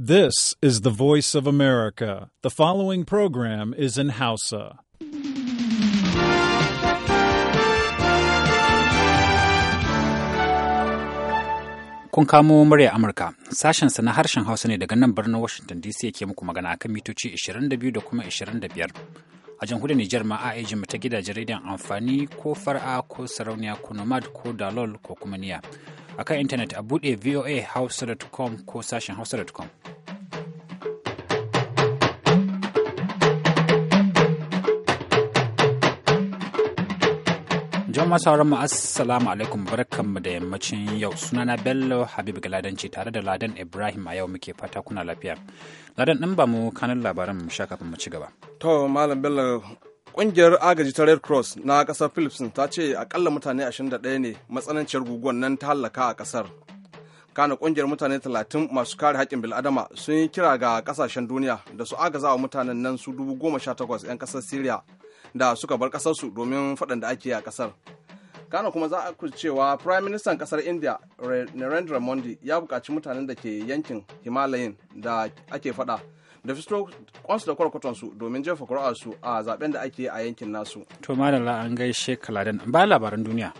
This is the voice of America. The following program is in Hausa. Kun kamo murya Amurka, sashensa na harshen Hausa ne daga nan birnin Washington DC yake muku magana akan mitoci 22 da kuma 25. A jamhuriyar Nijar ma a ejin ta gidajen rediyon amfani ko fara ko sarauniya ko nomad ko dalol ko kuma niya. a kan intanet a buɗe voa hausa.com ko sashen hausa.com. John Masauran assalamu alaikum barkanmu da yammacin yau sunana Bello Habib Galadanci tare da Ladan Ibrahim a yau muke fata kuna lafiya. Ladan ɗin ba mu kanin labaran mu sha kafin mu ci gaba. To Malam Bello Ƙungiyar agaji ta Red Cross na kasar Philips ta ce akalla mutane 21 ne matsananciyar guguwar nan ta hallaka a ƙasar. Kana ƙungiyar mutane 30 masu kare haƙƙin bil'adama sun yi kira ga ƙasashen duniya da su agaza wa mutanen nan su takwas 'yan ƙasar Syria da suka bar ƙasarsu domin faɗan da ake yi a ƙasar. Kana kuma za a ku cewa Prime Minister ƙasar India Narendra Modi ya buƙaci mutanen da ke yankin Himalayan da ake faɗa da fito kwansu da kwarkwatonsu domin jefa su a zaben da ake a yankin nasu. To madalla an gaishe kaladan ba labaran duniya.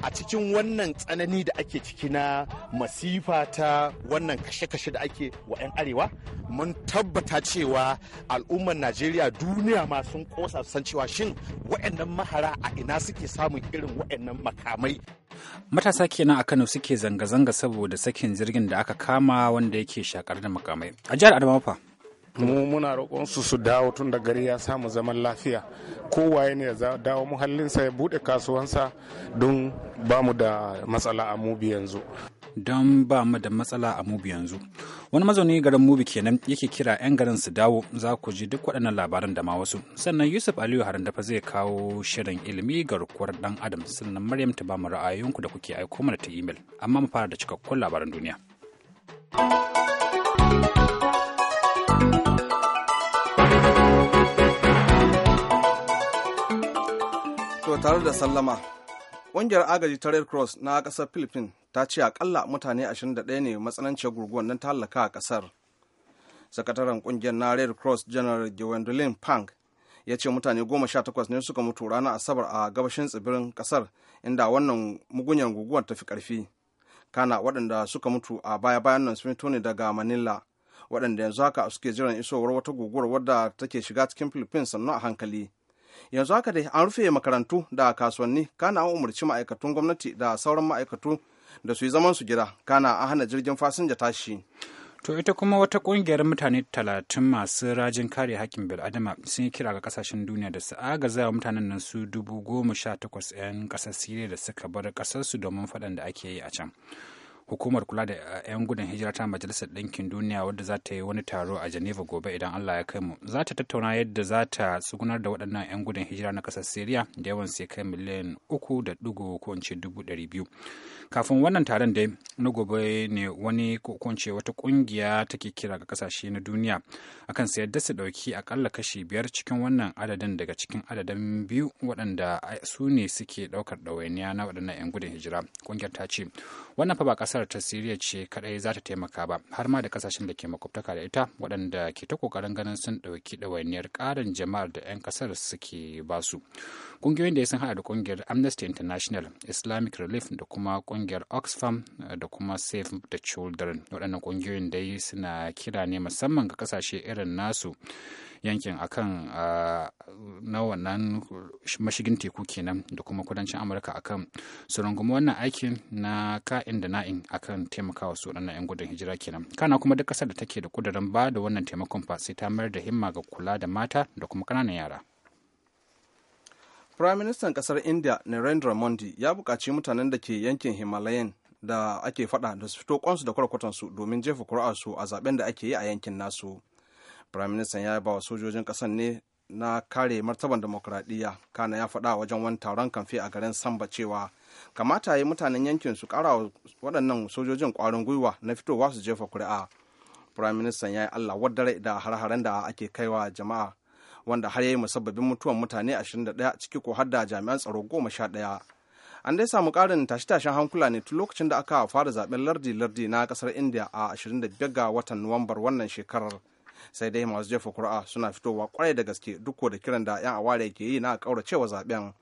a cikin wannan tsanani da ake ciki na masifa ta wannan kashe-kashe da ake wa 'yan arewa mun tabbata cewa al'ummar najeriya duniya ma sun kosa san cewa shin wa'annan mahara a ina suke samun irin wa'annan makamai matasa kenan a kano suke zanga-zanga saboda sakin jirgin da aka kama wanda yake shakar da makamai a jihar adamawa mu muna roƙon su su dawo tun da gari ya samu zaman lafiya kowaye ne ya dawo muhallinsa ya buɗe kasuwansa don ba mu da matsala a mubi yanzu don ba mu da matsala a mubi yanzu wani mazauni garin mubi kenan yake kira 'yan garin su dawo za ku ji duk waɗannan labaran da ma wasu sannan yusuf aliyu harin dafa zai kawo shirin ilimi ga rukuwar dan adam sannan maryam ta ba mu ra'ayoyinku da kuke aiko mana ta imel amma mu fara da cikakkun labaran duniya To tare da sallama, ƙungiyar agaji ta Red Cross na ƙasar Philippines ta ce akalla mutane 21 ne matsananci guguwar nan tallaka a ƙasar. Sakataren ƙungiyar na Red Cross General Gwendolyn Pang ya ce mutane 18 ne suka mutu ranar asabar a gabashin tsibirin kasar inda wannan mugunyar guguwar ta fi karfi kana waɗanda suka mutu a baya bayan nan sun ne daga manila waɗanda yanzu haka suke jiran isowar wata guguwar wadda take shiga cikin philippines sannan a hankali yanzu haka dai an rufe makarantu da kasuwanni kana an umarci ma'aikatun gwamnati da sauran ma'aikatu da su yi zaman su gida kana an hana jirgin fasinja tashi To ita kuma wata kungiyar mutane talatin masu rajin kare hakkin bil'adama sun yi kira ga kasashen duniya da su agaza wa mutanen nan su dubu goma sha takwas 'yan ƙasar Siriya da suka bar ƙasarsu domin faɗan da ake yi a can. hukumar kula da eh, 'yan gudun hijira ta majalisar ɗinkin duniya wadda za ta yi wani taro a geneva gobe idan allah ya kai mu za ta tattauna yadda za ta tsugunar da waɗannan 'yan gudun hijira na ƙasar syria da yawan sai kai miliyan uku da dubu ko in ce dubu ɗari biyu kafin wannan taron dai na gobe ne wani kokonce wata kungiya take kira ga kasashe na duniya akan sayar da su dauki akalla kashi biyar cikin wannan adadin daga cikin adadin biyu waɗanda su ne suke ɗaukar ɗawainiya na waɗannan 'yan gudun hijira kungiyar ta ce wannan fa ba kasar ta siriya ce kadai za ta taimaka ba har ma da kasashen da ke makwabtaka da ita waɗanda ke ta kokarin ganin sun ɗauki ɗawainiyar ƙarin jama'ar da 'yan ƙasar suke basu kungiyoyin da ya sun haɗa da ƙungiyar amnesty international islamic relief da kuma kungiyar. kungiyar oxfam eh, da kuma save the children waɗannan kungiyoyin dai suna kira ne musamman ga kasashe irin nasu yankin akan eh, na wannan mashigin teku kenan da kuma kudancin amurka akan su rungumi wannan aikin na ka'in da na'in akan taimakawa su waɗannan 'yan gudun hijira kenan kana kuma duk ƙasar da take da kudurin ba da wannan taimakon fa sai ta mayar da himma ga kula da mata da kuma ƙananan yara Firaministan ƙasar India Narendra Modi ya buƙaci mutanen da ke yankin Himalayan da ake faɗa da su fito kwansu da kwarkwatansu domin jefa kuri'arsu a zaben da ake yi a yankin nasu. Firaministan ya ba wa sojojin ƙasar ne na kare martaban demokuraɗiyya kana ya faɗa wajen wani taron kamfe a garin samba cewa kamata yi mutanen yankin su ƙara waɗannan sojojin ƙwarin gwiwa na fitowa su jefa kuri'a firaministan ya yi allah wadare da har-haren da ake kaiwa jama'a wanda har yayi musabbabin mutuwan mutane 21 ciki ko har da jami'an tsaro goma sha 11 an dai samu karin tashe-tashen hankula ne tun lokacin da aka fara zaben lardi-lardi na kasar india a 25 ga watan nuwambar wannan shekarar sai dai masu jefa kuri'a suna fitowa kwarai da gaske duk da kiran da 'yan aware ke yi na kauracewa zaben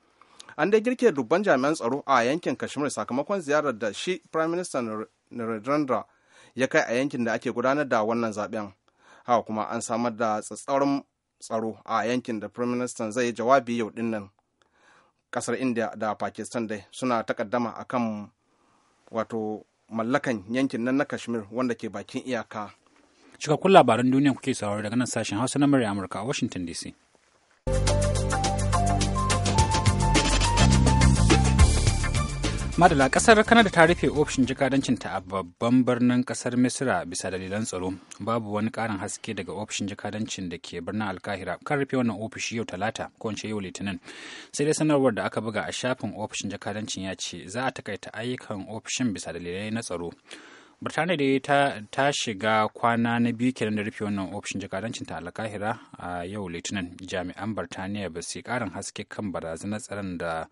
an dai girke dubban jami'an tsaro a yankin kashmir sakamakon ziyarar da shi prime minister narendra ya kai a yankin da ake gudanar da wannan zaben haka kuma an samar da tsatsauran tsaro a yankin da prime minister zai jawabi yau dinnan kasar india da pakistan dai suna takaddama kan wato mallakan yankin nan na kashmir wanda ke bakin iyaka cikakkun labaran duniya kuke sauraro daga nan sashen hausa na murya amurka a washington dc madala kasar kanada ta rufe ofishin jikadancinta a babban birnin kasar misira bisa dalilan tsaro babu wani karin haske daga ofishin jikadancin da ke birnin alkahira kan rufe wannan ofishi yau talata ko ce yau litinin sai dai sanarwar da aka buga a shafin ofishin jikadancin ya ce za a takaita ayyukan ofishin bisa dalilai na tsaro birtaniya dai ta, shiga kwana na biyu kenan da rufe wannan ofishin jakadancinta ta alkahira a yau litinin jami'an birtaniya ba su karin haske kan barazanar tsaron da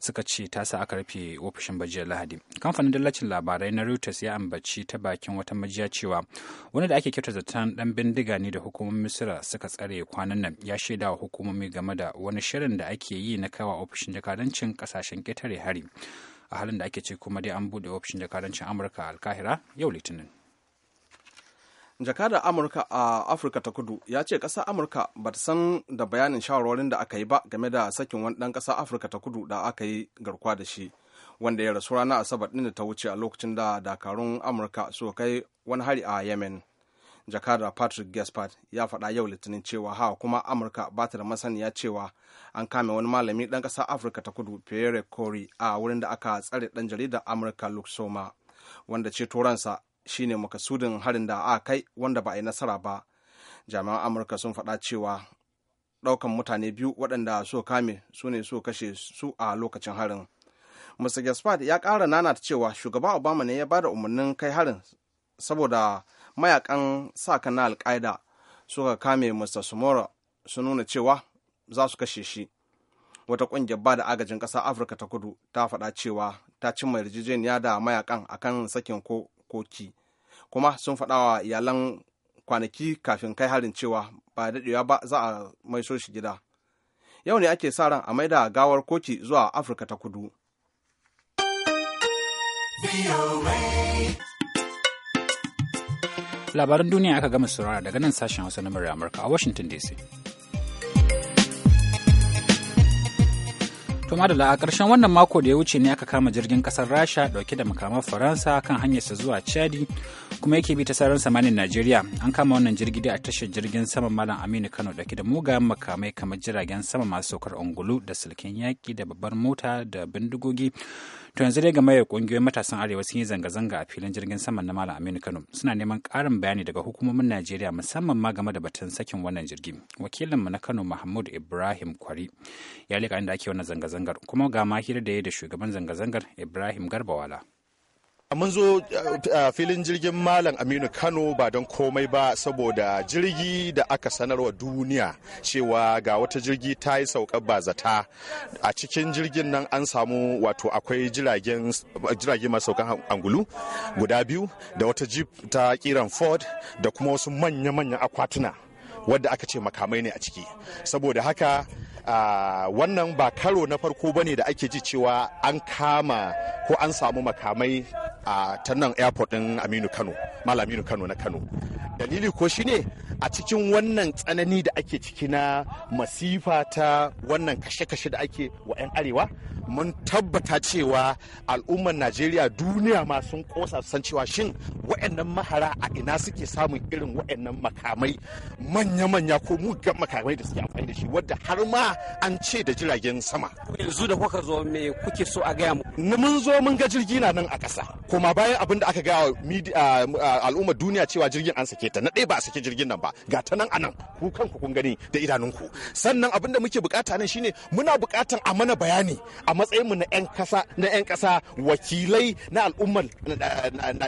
suka ce ta sa aka rufe ofishin bajiyar lahadi kamfanin dallacin labarai na reuters ya ambaci ta bakin wata majiya cewa wani da ake kyauta zaton dan bindiga ne da hukumomin misira suka tsare kwanan nan ya shaidawa hukumomi game da wani shirin da ake yi na kawa ofishin jakadancin kasashen ƙetare hari a halin da ake ce kuma dai an buɗe ofishin jakadancin amurka a alkahira yau litinin jakadar amurka a afirka ta kudu ya ce ƙasar amurka ba ta san da bayanin shawarwarin da aka yi ba game da sakin wani ɗan ƙasar afirka ta kudu da aka yi garkuwa da shi wanda ya rasu ranar asabar ɗin da ta wuce a lokacin da dakarun amurka suka kai wani hari a yemen jakada patrick gaspard ya faɗa yau litinin cewa hawa kuma amurka ba ta da masaniya cewa an kame wani malami ɗan ƙasar afirka ta kudu pierre cory a wurin da aka tsare ɗan jaridar amurka luke wanda ce turansa shine makasudin harin da a kai wanda ba a yi nasara ba jami'an amurka sun faɗa cewa ɗaukan mutane biyu waɗanda so kame su ne so kashe su a lokacin harin mr gaspard ya ƙara nanata cewa shugaba obama ne ya ba da umarnin kai harin saboda mayakan ka na alkaida suka kame mr sumora su nuna cewa za su kashe shi wata ƙungiyar ba da agajin ƙasa afirka ta kudu ta faɗa cewa ta cimma yarjejeniya da mayakan akan sakin koki kuma sun faɗa wa iyalan kwanaki kafin kai harin cewa ba daɗewa ba za a maiso shi gida yau ne ake sa ran a mai da gawar koki zuwa afirka ta kudu labaran duniya aka gama saurara daga nan sashen hausa na murya amurka a washington dc To madalla a ƙarshen wannan mako da ya wuce ne aka kama jirgin ƙasar Rasha ɗauke da makamar Faransa kan hanyarsa zuwa Chadi kuma yake bi ta sararin samanin Najeriya. An kama wannan jirgi da a tashar jirgin sama Malam Aminu Kano ɗauke da mugayen makamai kamar jiragen sama masu saukar ungulu da silken yaƙi da babbar mota da bindigogi To yanzu dai gamayyar kungiyoyin matasan Arewa sun yi zanga-zanga a filin jirgin sama na Malam Aminu Kano. Suna neman ƙarin bayani daga hukumomin Najeriya musamman ma game da batun sakin wannan jirgi. Wakilinmu na Kano Mahmud Ibrahim Kwari ya leƙa inda ake wannan zanga-zangar kuma ga mahira da ya da shugaban zanga-zangar Ibrahim Garbawala. mun zo eh, filin jirgin malam aminu kano ba don komai ba saboda jirgi da aka sanarwa duniya cewa ga wata jirgi ta yi saukar bazata a cikin jirgin nan an samu wato akwai jiragen masu saukan angulu guda biyu da wata jeep ta kiran ford da kuma wasu manya-manyan akwatuna wadda aka ce makamai ne a ciki saboda haka Uh, wannan ba karo na farko ne da ake ji cewa an kama ko an samu makamai a ta nan airport din aminu kano mal aminu kano na kano dalili ko shine a cikin wannan tsanani da ake ciki na masifa ta wannan kashe-kashe da ake wa 'yan arewa mun tabbata cewa al'ummar najeriya duniya ma sun kosa san cewa shin wa'annan mahara a ina suke samun irin wa'annan makamai manya-manya ko mugan makamai da suke amfani da shi wadda har ma an ce da jiragen sama yanzu da kuka zo me kuke so a gaya mu mun zo mun ga jirgi na nan a ƙasa koma bayan abin da aka ga wa al'ummar duniya cewa jirgin an sake ta na ɗaya ba a sake jirgin nan ba ga ta nan anan ku kanku kun gani da idanunku sannan abin da muke bukata nan shine muna bukatan a mana bayani a matsayin mu na yan kasa na yan kasa wakilai na al'ummar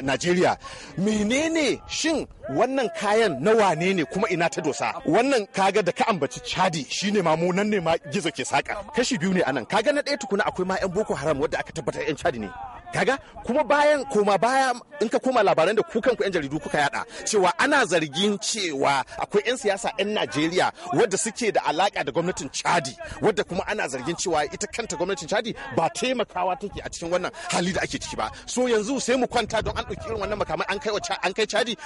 Najeriya menene shin wannan kayan na wane ne kuma ina ta dosa wannan kaga da ka ambaci chadi shine ma mu ne ma gizo ke saka kashi biyu ne anan kaga na ɗaya tukuna akwai ma yan boko haram wadda aka tabbatar yan chadi ne kaga kuma bayan koma baya in ka koma labaran da ku kanku yan jaridu kuka yada cewa ana zargin cewa akwai yan siyasa yan Najeriya wadda suke da alaka da gwamnatin Chadi wadda kuma ana zargin cewa ita kanta gwamnatin Chadi ba taimakawa take a cikin wannan hali da ake ciki ba so yanzu sai mu kwanta don an ɗauki irin wannan makamai an kai an kai Chadi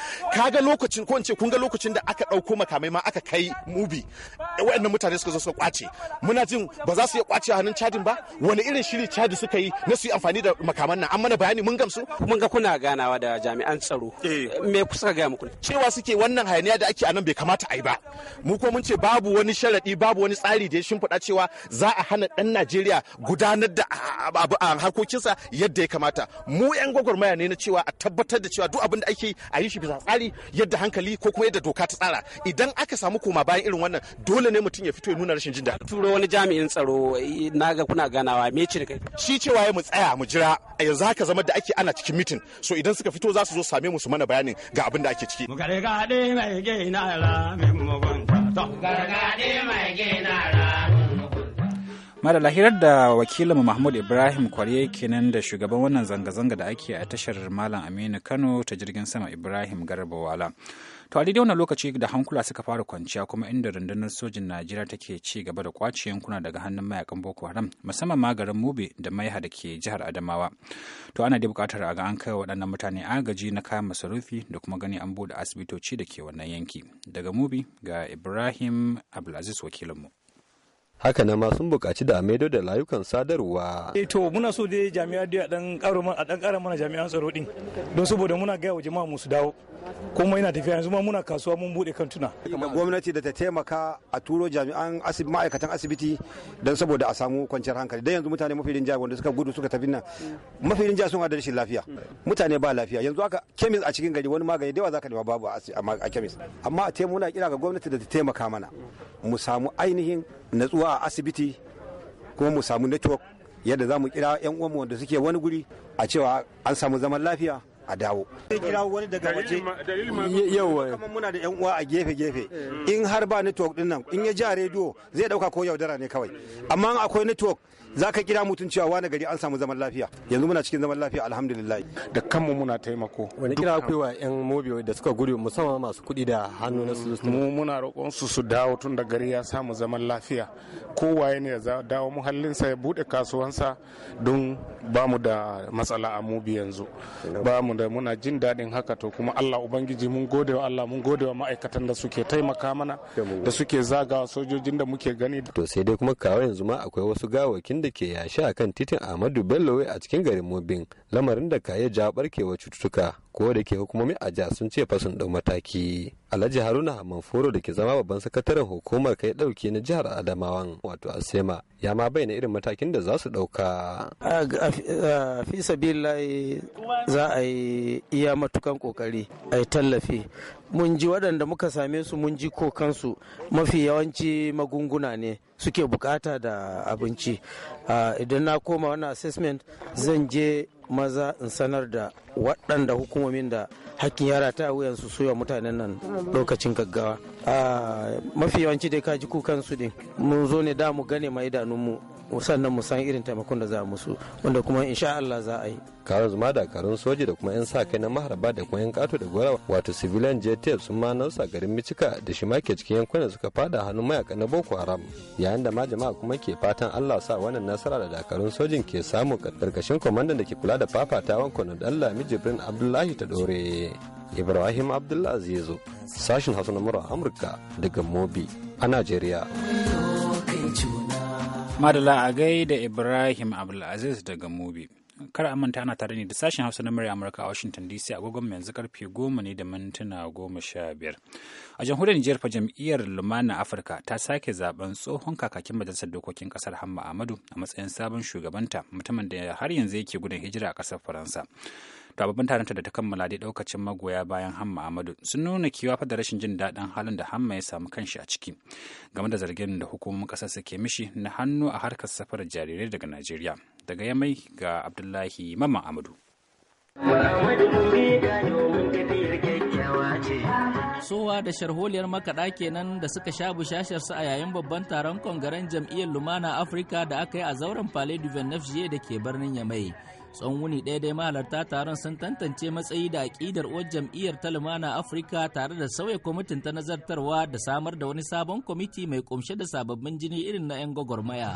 ga lokacin ko ce kun ga lokacin da aka ɗauko makamai ma aka kai mubi waɗannan mutane suka zo suka kwace muna jin ba za su iya kwace hannun cadin ba wani irin shiri cadi suka yi na su yi amfani da makaman nan an mana bayani mun gamsu mun ga kuna ganawa da jami'an tsaro eh. me kusa ga muku cewa suke wannan hayaniya da ake anan bai kamata a yi ba mu ko mun ce babu wani sharadi babu wani tsari da ya shimfiɗa cewa za a hana dan Najeriya gudanar da a harkokinsa yadda ya kamata mu 'yan gwagwarmaya ne na cewa a tabbatar da cewa duk abin da ake a yi shi bisa tsari yadda hankali ko kuma yadda doka ta tsara idan aka samu koma bayan irin wannan dole ne mutum ya fito ya nuna rashin jin daɗi turo wani jami'in tsaro na ga kuna ganawa me ce kai shi cewa ya mu tsaya mu jira a yanzu haka zama da ake ana cikin mitin so idan suka fito za su zo same mu su mana bayanin ga abin da ake ciki gargaɗe mai gina ra mai gargaɗe mai gina ra Madala lahirar da wakilinmu Mahmud Ibrahim Kwarye kenan da shugaban wannan zanga-zanga da ake a tashar Malam Aminu Kano ta jirgin sama Ibrahim Garba Wala. To a daidai wannan lokaci da hankula suka fara kwanciya kuma inda rundunar sojin Najeriya take ci gaba da kwace yankuna daga hannun mayakan Boko Haram musamman ma garin Mube da Maiha da ke jihar Adamawa. To ana dai bukatar a ga an kai waɗannan mutane agaji na kayan masarufi da kuma gani an buɗe asibitoci da ke wannan yanki. Daga Mube ga Ibrahim Abdulaziz wakilinmu. haka na ma sun buƙaci da maido da layukan sadarwa. E to muna so dai jami'a dai a dan ƙara mana jami'an tsaro din don saboda muna gaya wa jama'a musu dawo kuma yana tafiya yanzu ma muna kasuwa mun kan kantuna. gwamnati da ta taimaka a turo jami'an ma'aikatan asibiti don saboda a samu kwanciyar hankali don yanzu mutane mafi rinjaya wanda suka gudu suka tafi nan mafi rinjaya sun hada rashin lafiya mutane ba lafiya yanzu aka kemis a cikin gari wani magani da yawa zaka nema babu a kemis amma a muna kira ga gwamnati da ta taimaka mana mu samu ainihin natsuwa zuwa asibiti kuma mu samu network yadda za mu kira 'yan uwanmu wanda suke wani guri a cewa an samu zaman lafiya a dawo. kira wani daga waje kamar muna da yan uwa a gefe gefe in har ba network din nan in ya ja rediyo zai dauka ko yaudara ne kawai amma akwai network za ka kira mutum cewa wani gari an samu zaman lafiya yanzu muna cikin zaman lafiya alhamdulillah da kanmu muna taimako wani kira akwai wa yan mobi da suka gudu musamman masu kuɗi da hannu na su mu muna roƙon su su dawo tun da gari ya samu zaman lafiya kowaye ne ya dawo muhallinsa ya buɗe kasuwansa don ba mu da matsala a mobi yanzu ba mu da muna jin daɗin haka to kuma Allah ubangiji mun gode wa Allah mun gode wa ma'aikatan da suke taimaka mana da suke zagawa sojojin da muke gani to sai dai kuma kawai yanzu ma akwai wasu gawakin da ke yashe a kan titin ahmadu bello a cikin garin mobin lamarin da ka yi ja barkewa cututtuka ko da ke hukumomi a ja sun ce fa sun dau mataki alhaji haruna manforo da ke zama babban sakataren hukumar kai dauke na jihar adamawan wato asema ya ma bayyana irin matakin da za su dauka fi sabilillahi za a yi iya matukan kokari a yi tallafi mun ji waɗanda muka same su mun ji kokansu mafi yawanci magunguna ne suke bukata da abinci idan na koma wannan assessment zan je maza in sanar da waɗanda hukumomin da hakkin yara ta wuyan su suya mutanen nan lokacin gaggawa mafi yawanci dai kaji kukan su din mun zo ne da mu gane mai idanunmu sannan mu san irin taimakon da za musu wanda kuma insha Allah za a yi karar zuma dakarun soji da kuma 'yan sa kai na maharba da kuma 'yan kato da gwara wato civilian jet sun ma nausa garin micika da shi ma ke cikin yankunan suka fada hannun mayaka na boko haram yayin da ma jama'a kuma ke fatan allah sa wannan nasara da dakarun sojin ke samu karkashin kwamandan da ke kula da fafatawan kwanan allah jibrin abdullahi ta dore ibrahim abdullahi sashin hausa na amurka daga mobi a najeriya Madala a gai da Ibrahim Abdulaziz daga Mubi. Kar a manta ana tare ne da sashen Hausa na murya Amurka a Washington DC agogon yanzu karfe goma ne da mintuna goma sha biyar. A jamhuriyar Nijar fa jam'iyyar Lumana Afirka ta sake zaben tsohon kakakin majalisar dokokin kasar Hamma Ahmadu a matsayin sabon shugabanta mutumin da har yanzu yake gudun hijira a kasar Faransa. to babban taronta da ta kammala dai daukacin magoya bayan hamma amadu sun nuna kiwa fa da rashin jin daɗin halin da hamma ya samu kanshi a ciki game da zargin da hukumomin ƙasar suke mishi na hannu a harkar safar jarirai daga najeriya daga yamai ga abdullahi mamman amadu Sowa da sharholiyar makaɗa kenan da suka sha su a yayin babban taron kongaren jam'iyyar Lumana Afirka da aka yi a zauren Palais du da ke birnin Yamai. tsawon wuni ɗaya dai mahalarta taron sun tantance matsayi da aƙidar uwar jam'iyyar ta lumana afirka tare da sauya kwamitin ta nazartarwa da samar da wani sabon kwamiti mai kumshe da sababbin jini irin na 'yan gwagwarmaya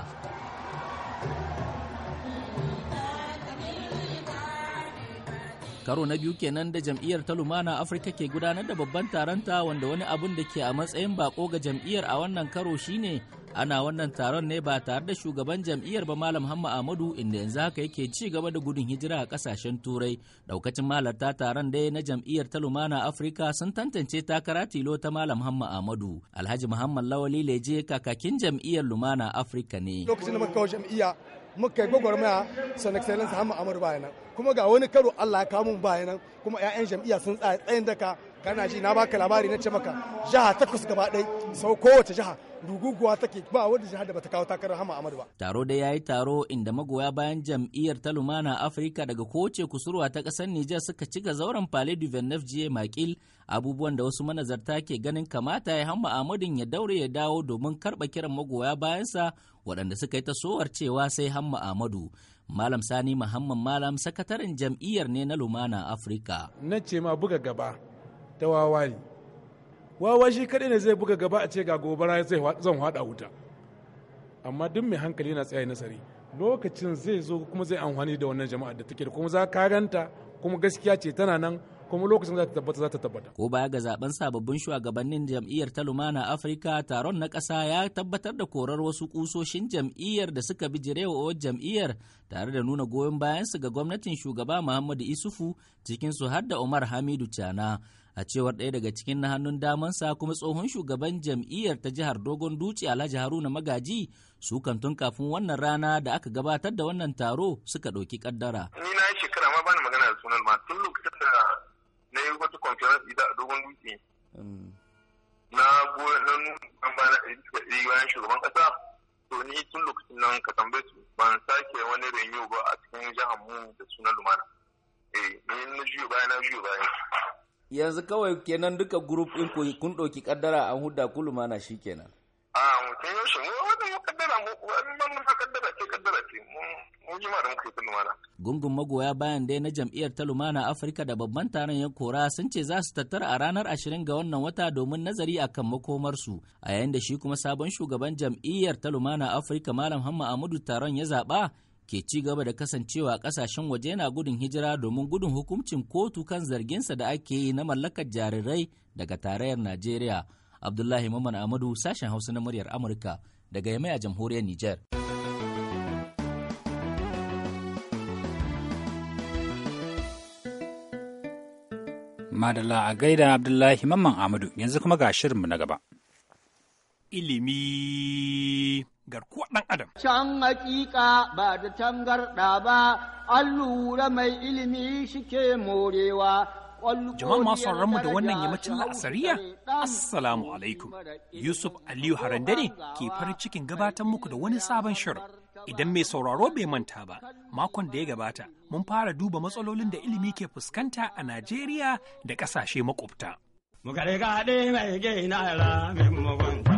karo na biyu kenan da jam'iyyar ta lumana afirka ke gudanar da babban taron ta wanda wani abun da ke a matsayin bako ga jam'iyyar a wannan karo shine ana wannan taron ne ba tare da shugaban jam'iyyar ba malam hamma amadu inda yanzu haka yake ci gaba da gudun hijira a kasashen turai daukacin malarta taron dai na jam'iyyar ta lumana afirka sun tantance takara tilo ta malam hamma amadu alhaji muhammad lawali leje kakakin jam'iyyar lumana afirka ne lokacin da muka jam'iyya muka yi gwagwarmaya son excellence hamma amadu bayanan kuma ga wani karo allah ya kawo mun bayanan kuma 'ya'yan jam'iyya sun tsaya tsayin daka kana ji na baka labari na ce maka jiha takwas gaba ɗai sau kowace jiha ruguguwa take ba wanda jihar da bata kawo takarar hama amadu ba taro da yayi taro inda magoya bayan jam'iyyar ta lumana afirka daga kowace kusurwa ta kasar nijar suka ci ga zauren palais du venef jiye makil abubuwan da wasu manazarta ke ganin kamata ya hama Amadin ya daure ya dawo domin karba kiran magoya bayansa waɗanda suka yi tasowar cewa sai hamma amadu malam sani muhammad malam sakataren jam'iyyar ne na lumana Afrika. na ce ma buga gaba ta wawari wawa shi kaɗai ne zai buga gaba a ce ga gobara zan haɗa wuta amma duk mai hankali yana tsaye nasari lokacin zai zo kuma zai amfani da wannan jama'a da take da kuma za ka ganta kuma gaskiya ce tana nan kuma lokacin za ta tabbata za ta tabbata. Ko baya ga zaben sababbin shugabannin jam'iyyar ta Lumana Afirka taron na ƙasa ya tabbatar da korar wasu kusoshin jam'iyyar da suka bi jirewar jam'iyyar tare da nuna goyon bayansu ga gwamnatin shugaba Muhammadu Isufu cikinsu har da Umar Hamidu Cana. a cewar ɗaya daga cikin na hannun damansa kuma tsohon shugaban jam'iyyar ta jihar dogon duci alhaji haruna magaji su kantun kafin wannan rana da aka gabatar da wannan taro suka ɗauki kaddara. ni na yi shekara ma bani magana da sunan ma tun lokacin da na yi wata conference ita a dogon duci na goyon na nuna bayan shugaban kasa to ni tun lokacin nan ka tambaye su ban sake wani renew ba a cikin jihar mu da sunan lumana eh ni na juyo baya na juyo baya yanzu kawai kenan duka group ɗin kun ɗauki kaddara an hudda kuluma na shi kenan. a mutum yau shi wani kaddara wani mun kaddara ce kaddara ce ji ma da muka yi mana. gungun magoya bayan dai na jam'iyyar ta lumana afirka da babban taron ya kora sun ce za su tattara a ranar ashirin ga wannan wata domin nazari akan makomarsu a yayin da shi kuma sabon shugaban jam'iyyar ta lumana afirka malam hamma ahmadu taron ya zaɓa ke ci gaba da kasancewa kasashen waje yana gudun hijira domin gudun hukuncin kotu kan zarginsa da ake yi na mallakar jarirai daga tarayyar Najeriya. Abdullahi Maman Amadu sashen Hausa na muryar Amurka daga Yamai a jamhuriyar Nijar. Madalla a gaida Abdullahi Mamman Amadu yanzu kuma ga shirinmu na gaba. ilimi garkuwar ɗan adam. Can hakika ba da tangarɗa ba, an lura mai ilimi shike morewa. Jama'a masu mu da wannan yammacin la'asariya, Assalamu alaikum. Yusuf Aliyu Harandare ke farin cikin gabatar muku da wani sabon shirin. Idan mai sauraro bai manta ba, makon da ya gabata, mun fara duba matsalolin da ilimi ke fuskanta a Najeriya da ƙasashe makwabta. Mu mai gina ra, mai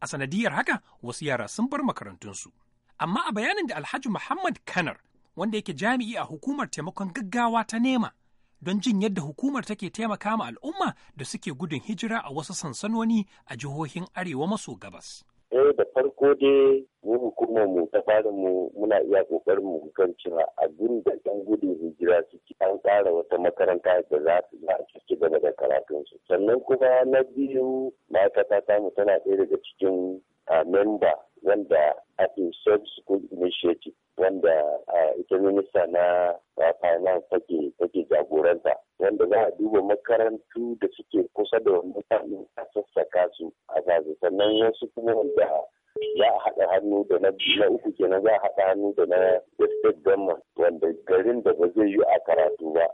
A sanadiyar haka wasu yara sun bar makarantunsu. Amma a bayanin da Alhaji Muhammad Kanar wanda yake jami'i a hukumar taimakon gaggawa ta nema don jin yadda hukumar take taimaka ma al'umma da suke gudun hijira a wasu sansanoni a jihohin arewa maso gabas. eh da farko dai mu hukumar mu ta fara mu muna iya kokarin mu kan cewa abin da ɗan gudun hijira suke an tsara wata makaranta da za su za a ci gaba da karatunsu sannan kuma na biyu ma'aikata ta mu tana ɗaya daga cikin memba wanda ake sub school initiative wanda ita minista na finance take take jagoranta za a duba makarantu da suke kusa da wani a sassaka su a zazu sannan wasu kuma wanda za a haɗa hannu da na na uku kenan za a haɗa hannu da na state government wanda garin da ba zai yi a karatu ba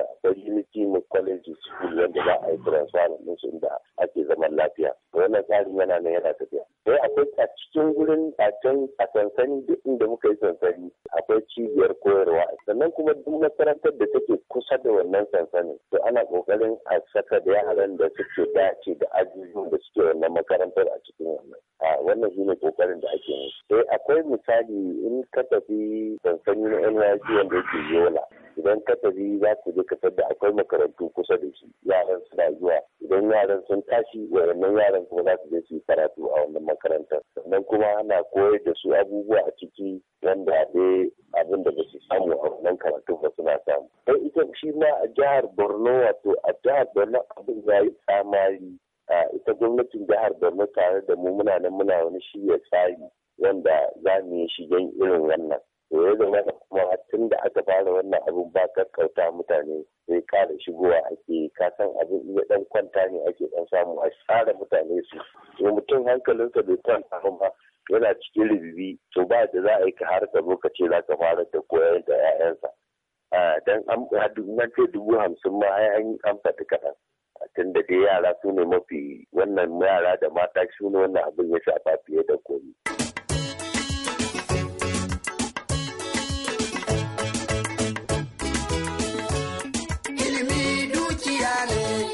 akwai unity eh, college school wanda za a yi transfer musu inda ake zaman lafiya wannan tsarin yana nan yana tafiya sai akwai a cikin gurin a can a sansani duk inda muka yi sansani akwai cibiyar koyarwa sannan kuma duk makarantar da take kusa da wannan sansanin to ana kokarin a saka da yaran da suke dace da ajujuwan da suke wannan makarantar a cikin wannan a wannan shine kokarin da ake yi sai akwai misali in ka tafi sansani na NYC wanda yake yola idan ka tafi za ka je ka da akwai makarantu kusa da shi yaran suna zuwa idan yaran sun tashi wayannan yaran kuma za su je su yi karatu a wannan makarantar sannan kuma ana koyar da su abubuwa a ciki wanda dai abin da ba su samu a wannan karatu ba suna samu dan ita shi ma a jihar borno wato a jihar borno abin ya yi tsamari ita gwamnatin jihar borno tare da mu muna nan muna wani shirya tsari wanda za mu yi shigen irin wannan to ya zama kuma tun da aka fara wannan abin ba kakkauta mutane sai kada shigowa ake kasan abin iya dan kwanta ne ake dan samu a tsara mutane su to mutum hankalinsa bai kwanta ba yana cikin rubibi to ba da za a yi ka har ka lokaci za ka fara da koyar da 'ya'yansa dan an ce dubu hamsin ma an faɗi kaɗan tun da dai yara su ne mafi wannan yara da mata su ne wannan abin ya shafa fiye da komi. dukiya ne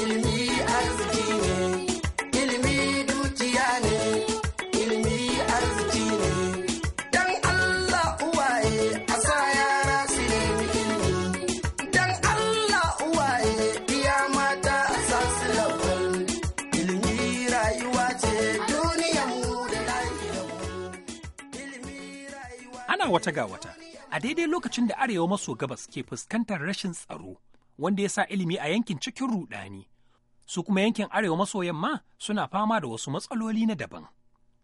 ilimi arziki ne ilimi dukiya ne ilimi arziki ne dan Allah uwaye a sa yara su nemi ilimi dan Allah uwaye iya mata a sa su lawal ilimi rayuwa ce duniyar mu da ilimi rayuwa ana wata ga wata a daidai lokacin da arewa maso gabas ke fuskantar rashin tsaro wanda ya sa ilimi a yankin cikin rudani. Su kuma yankin arewa maso yamma suna fama da wasu matsaloli na daban.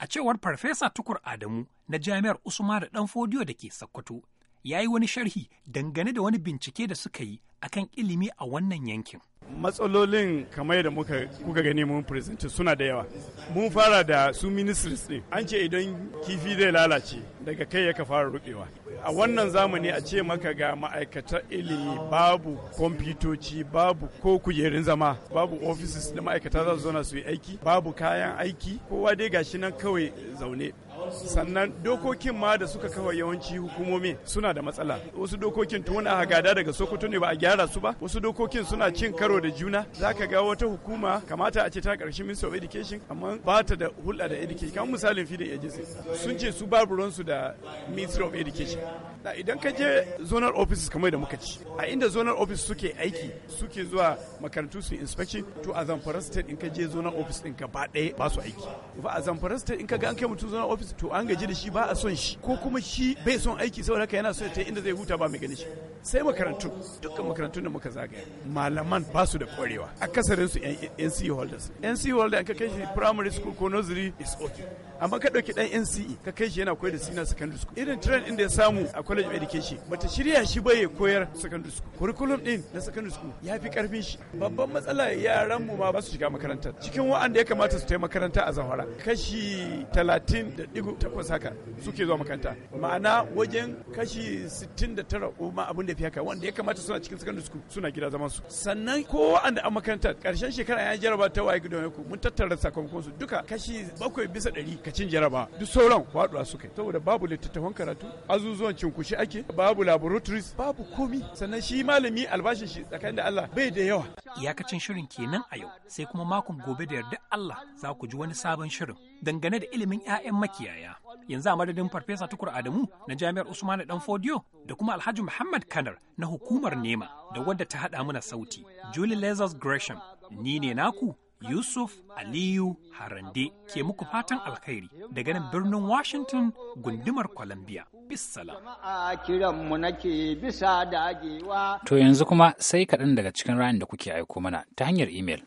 A cewar Farfesa Tukur Adamu na Jami'ar Usma da ɗan Fodiyo da ke Sokoto, ya yi wani sharhi dangane da wani bincike da suka yi akan ilimi a wannan yankin. matsalolin kamar yadda muka kuka gani mun presenti suna da yawa mun fara da su ministries din an ce idan kifi zai lalace daga kai ya ka fara rubewa a wannan zamani a ce maka ga ma'aikata ilimi babu kwamfutoci babu ko kujerun zama babu offices da ma'aikata za su na su yi aiki babu kayan aiki kowa dai gashi nan kawai zaune sannan dokokin ma da suka kafa yawanci hukumomi suna da matsala wasu dokokin tun a gada daga sokoto ne ba a gyara su ba wasu dokokin suna cin karo da juna zaka ga wata hukuma kamata a ce ta karshen minister of education amma ba ta da hulɗa da education kamar misalin feeding agency sun ce su babu ransu da minister of education da idan ka je zonal offices kamar da muka ci a inda zonal office suke aiki suke zuwa makarantu su inspection to a zamfara state in ka je zonal office din ba ɗaya ba su aiki ba a zamfara state in ka ga an kai mutum zonal office to an gaji da shi ba a son shi ko kuma shi bai son aiki saboda haka yana so ya inda zai huta ba mai gani shi sai makarantu dukkan makarantun da muka zagaya malaman ba su da kwarewa akasarin su NC e holders NC e holder an ka kai shi primary school ko nursery is okay amma ka dauki dan NCE ka kai shi yana koyar da senior secondary school irin trend inda ya samu akwai college of education bata shirya shi ba ya koyar secondary school curriculum din na secondary school ya fi karfin shi babban matsala yaran mu ma ba su shiga makarantar cikin wa'anda ya kamata su taimaka makaranta a zahara kashi talatin da digo takwas haka suke zuwa makaranta ma'ana wajen kashi sittin da tara ma abin da fi haka wanda ya kamata suna cikin secondary school suna gida zaman su sannan ko wa'anda a makarantar karshen shekara ya jaraba ta waye gidan yaku mun tattara sakamakon su duka kashi bakwai bisa ɗari kacin jaraba duk sauran faɗuwa suka saboda babu littattafan karatu azuzuwan cin cunkushe ake babu laboratories babu komi sannan shi malami albashin shi tsakanin da Allah bai da yawa iyakacin shirin kenan a yau sai kuma makon gobe da yarda Allah za ku ji wani sabon shirin dangane da ilimin 'ya'yan makiyaya yanzu a madadin farfesa tukur adamu na jami'ar usmanu dan fodiyo da kuma alhaji muhammad kanar na hukumar nema da wadda ta haɗa mana sauti julie lazarus gresham ni ne naku Yusuf Aliyu Harande ke muku fatan alkhairi daga nan birnin Washington gundumar Columbia. Bissalam. To yanzu kuma sai kaɗan daga cikin ranar da kuke aiko mana ta hanyar imel.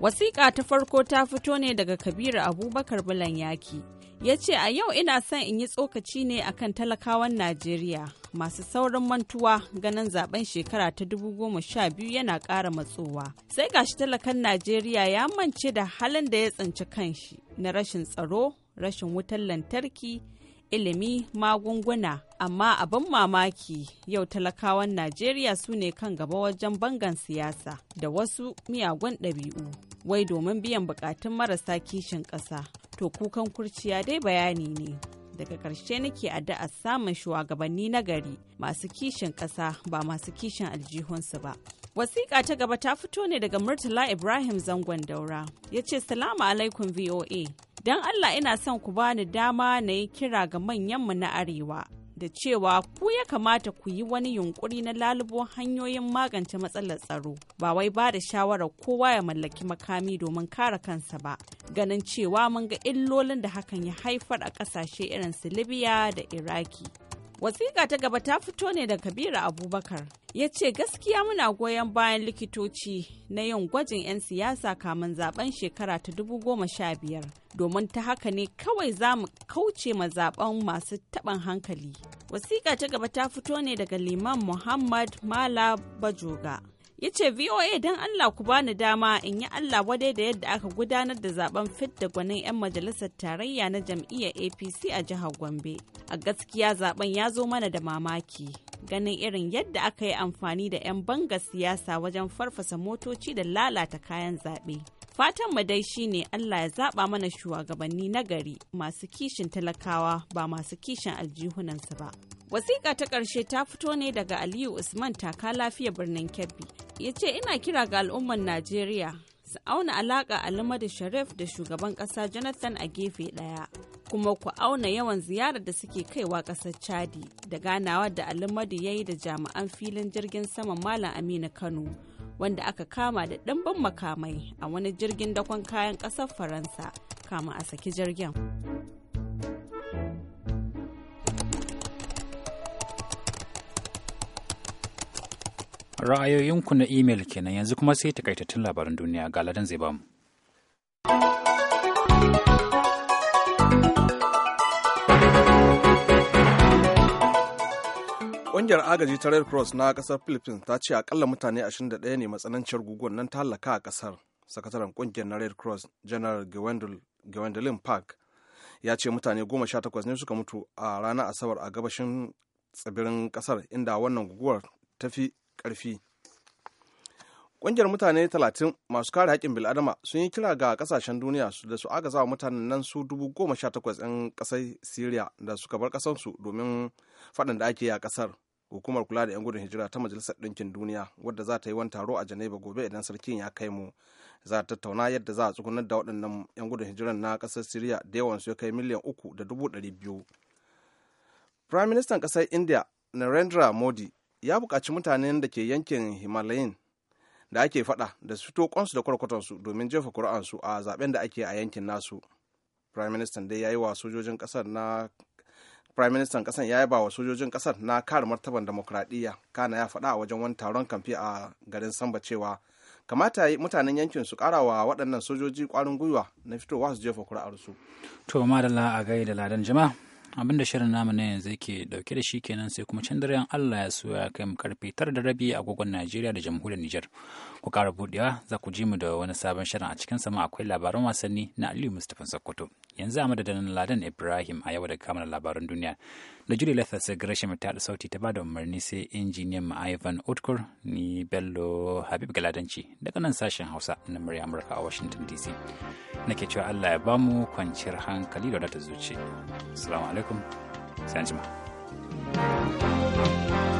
Wasiƙa ta farko ta fito ne daga Kabiru Abubakar Bulan Yaki. Ya ce a yau ina son in yi tsokaci ne akan talakawan Najeriya masu saurin mantuwa ganin zaben shekara ta 2012 yana ƙara matsowa. Sai gashi talakan Najeriya ya mance da halin da ya tsinci kanshi na rashin tsaro, rashin wutar lantarki, ilimi, magunguna. Amma abin mamaki yau talakawan Najeriya su ne kan gaba wajen bangan siyasa da wasu miyagun ɗabi'u, wai domin biyan buƙatun marasa kishin ƙasa. To kukan kurciya dai bayani ne. daga karshe nake addu'a samun shugabanni na gari masu kishin ƙasa ba masu kishin aljihunsu ba. Wasiƙa ta gaba ta fito ne daga Murtala Ibrahim Zangon Daura. Ya ce, Salamu alaikum VOA. Don Allah ina son ku bani dama na yi kira ga manyanmu na Arewa da cewa ku ya kamata ku yi wani yunkuri na lalubo hanyoyin magance matsalar tsaro ba wai ba da shawarar kowa ya mallaki makami domin kare kansa ba ganin cewa mun ga illolin da hakan ya haifar a ƙasashe irin su libya da iraki Wasiƙa ta gaba ta fito ne da Kabiru Abubakar. Ya ce gaskiya muna goyon bayan likitoci na yin gwajin 'yan siyasa kamun zaben shekara ta 2015 domin ta haka ne kawai za mu kauce ma zaben masu taɓin hankali. Wasiƙa ta gaba ta fito ne daga Liman Muhammad Mala Bajoga. ya ce VOA don Allah ku bani dama in yi Allah wadai da yadda aka gudanar da zaben fit da gwanin 'yan majalisar tarayya na jam'iyyar APC a jihar Gombe. A gaskiya zaben ya zo mana da mamaki. Ganin irin yadda aka yi amfani da 'yan banga siyasa wajen farfasa motoci da lalata kayan zaɓe. fatan mu dai shine Allah ya zaɓa mana shugabanni na gari masu kishin talakawa ba masu kishin aljihunansu ba. Wasiƙa ta ƙarshe ta fito ne daga Aliyu Usman taka lafiya birnin Kebbi. Ya ce ina kira ga al'ummar Najeriya su auna alaƙa Alimadu Sharif da shugaban ƙasa Jonathan a gefe ɗaya. Kuma ku auna yawan ziyarar da suke kaiwa ƙasar Chadi da ganawa da Alimadu ya yi da jami'an filin jirgin saman Malam Aminu Kano. Wanda aka kama da ɗimbin makamai a wani jirgin dakon kayan ƙasar Faransa kama a saki jirgin. Ra'ayoyinku na imel kenan yanzu kuma sai takaitattun labaran duniya ga Ladan zai bamu. Ƙungiyar agaji ta Red Cross na ƙasar Philippines ta ce akalla mutane 21 ne matsanancin guguwar nan ta halaka a ƙasar. Sakataren ƙungiyar na Red Cross, General Gwendolyn Park, ya ce mutane 18 ne suka mutu a ranar Asabar a gabashin tsibirin ƙasar inda wannan guguwar ta fi ƙarfi ƙungiyar mutane 30 masu kare haƙƙin bil'adama sun yi kira ga ƙasashen duniya da su agaza mutanen nan su dubu goma sha takwas 'yan ƙasar siriya da suka bar ƙasarsu domin faɗin da ake yi a ƙasar hukumar kula da 'yan gudun hijira ta majalisar ɗinkin duniya wadda za ta yi wani taro a janeba gobe idan sarkin ya kai mu za ta tattauna yadda za a tsugunar da waɗannan 'yan gudun hijiran na ƙasar siriya da yawansu ya kai miliyan uku da dubu ɗari biyu prime ministan ƙasar india narendra modi ya buƙaci mutanen da ke yankin himalayin da ake faɗa da su fito kwansu da kwarkwatansu domin jefa ƙuri'ansu a zaben da ake a yankin nasu prime minister dai ya yi wa sojojin ƙasar na prime wa sojojin ƙasar na kare martaban demokradiyya kana ya faɗa a wajen wani taron kamfe a garin samba cewa kamata mutanen yankin su kara wa waɗannan sojoji ƙwarin gwiwa na fitowa su jefa ƙuri'arsu to madalla a gaida ladan jama'a abin da shirin namu na yanzu ke dauke da shi kenan sai kuma can daren Allah ya so ya kai mu karfe tara da rabi a gogon Najeriya da jamhuriyar Nijar. Ku kara budewa za ku ji mu da wani sabon shirin a cikin sama akwai labaran wasanni na Aliyu Mustapha Sokoto. Yanzu a madadin Ladan Ibrahim a yau da kamar labaran duniya. da juli lathas Gresham ta da sauti ta ba da umarni sai injiniyan mu Ivan Utkur ni Bello Habib Galadanci daga nan sashen Hausa na murya Amurka a Washington DC. Nake cewa Allah ya ba mu kwanciyar hankali da wadatar zuci. Assalamu alaikum. Sai jima thank